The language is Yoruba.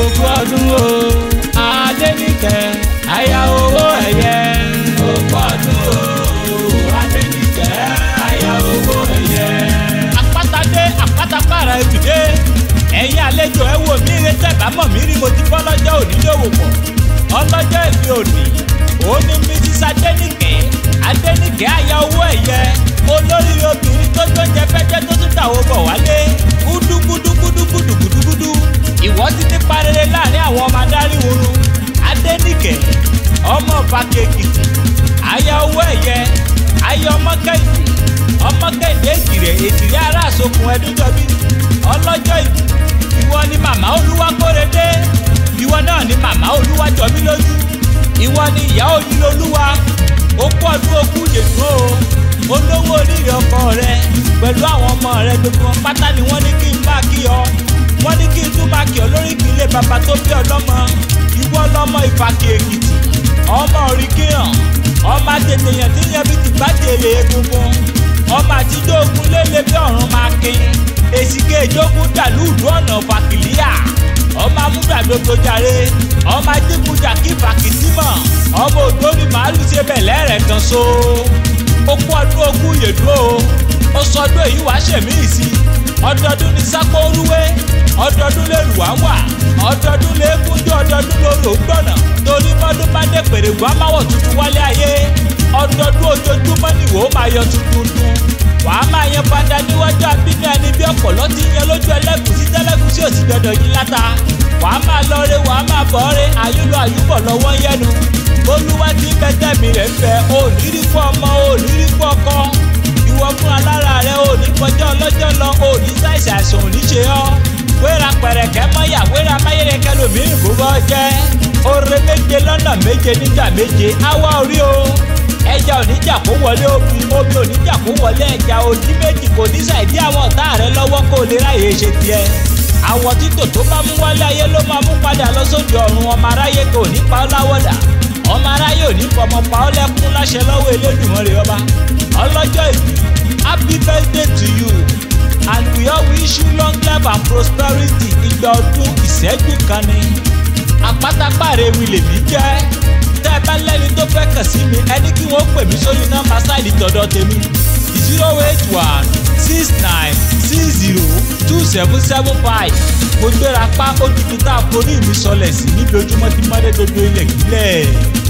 òkú ọdún o Adéníkẹ́ aya owó ẹ̀yẹ. òkú ọdún o Adéníkẹ́ aya owó ẹ̀yẹ. àpáta dé àpáta para ètùdé ẹ̀yin àlejò ẹ wò mí. okùn ẹdújọbí ọlọ́jọ́ ìbí ìwọ ni màmá olúwa kórede ìwọ náà ni màmá olúwa jọbí lójú ìwọ ni ìyá ojúlolúwa ó pọ̀ okú lèdúró olówó oríire ọkọ rẹ pẹ̀lú àwọn ọmọ rẹ gbogbo wọn pátá ni wọ́n ní kí n bá kí ọ wọ́n ní kí n tún bá kí ọ lórí ìpínlẹ bàbá tó bí ọlọ́mọ ìwọ lọ́mọ ìfàkì èkìtì ọmọ òrìkìràn ọmọ àtètèyàn tí yẹn bí ti bá jèrè egungun ọba jíjógun lélẹ̀ bí ọ̀run máa kin èsìké ìjógun dàlú ìlú ọ̀nà fàkìlíà ọmọ amúgbàgbogbo jàre ọmọ ajígunjà kí fàkìtìmọ̀ ọmọ òdó ni màálù ṣe bẹ̀ lẹ́rẹ̀ẹ́ kan so ó kú ọdún ogún yèdúró ó sọdún èyí wàá ṣèmí ìsìn ọdọọdún ni sápó orúwé ọdọọdún lè rù wá wà ọdọọdún lè kúnjú ọdọọdún lóru gbọ̀nà torí mọ́dún bá dé pèrè wá máwọ̀ tuntun wálé ayé ọdọọdún ojoojúmọ́ nìwò máa yọ tuntun wàá máa yan padà níwájú abínú ẹni bí ọ̀pọ̀lọ́ ti yan lójú ẹlẹ́gùsí tẹ́lẹ́gùsí òsì dandan yín láta wàá máa lọ́ọ́rẹ́ wàá máa bọ́ọ́rẹ́ àyúlọ àyúbọ̀ lọ́wọ́ yẹnu olúwa ti bẹ́tẹ̀ mi rẹ̀ ń bẹ òníri fún ọmọ lọ òní sáìsì àìsàn ọ́ wéra pẹ̀rẹ̀kẹ́ mọ́yà wéra máyẹ̀rẹ̀kẹ́ lómi ìbúbọ́ jẹ́ oore méje lọ́nà méje nígbà méje awa orí o ẹja oníjà kó wọlé omi omi oníjà kó wọlé ẹja ojú méjì kò ní sàìdí àwọn ọ̀tá rẹ lọ́wọ́ kó lè ráyè ṣe tiẹ̀ àwọn títò tó bá mú wálé ayé ló máa mú padà lọ sóde ọ̀run ọmọ aráyé kò ní pa ọ́ láwọ̀dà ọmọ aráyé ò ní fọmọ pa ọ́ lẹ́kún láṣẹ lọ́wọ́ Elédùmarè ọba ọlọ́jọ́ ìbí happy birthday to you life and prosperity igba ọdún ìṣẹ́gun kan ni àpátápàrẹ mi lèmi jẹ́ tẹ́ ẹ bá lẹ́ni tó fẹ́ kàn sí mi ẹni kí wọ́n pè mí sórí nọ́mbà sáìlì tọ̀dọ̀ tèmi zero eight one six nine six zero two seven seven five mo gbéra pa ó dúdú tá a forí mi sọlẹ̀ sí níbi ojúmọ́ tí mọ́lẹ́ dodo ilẹ̀ gílẹ̀.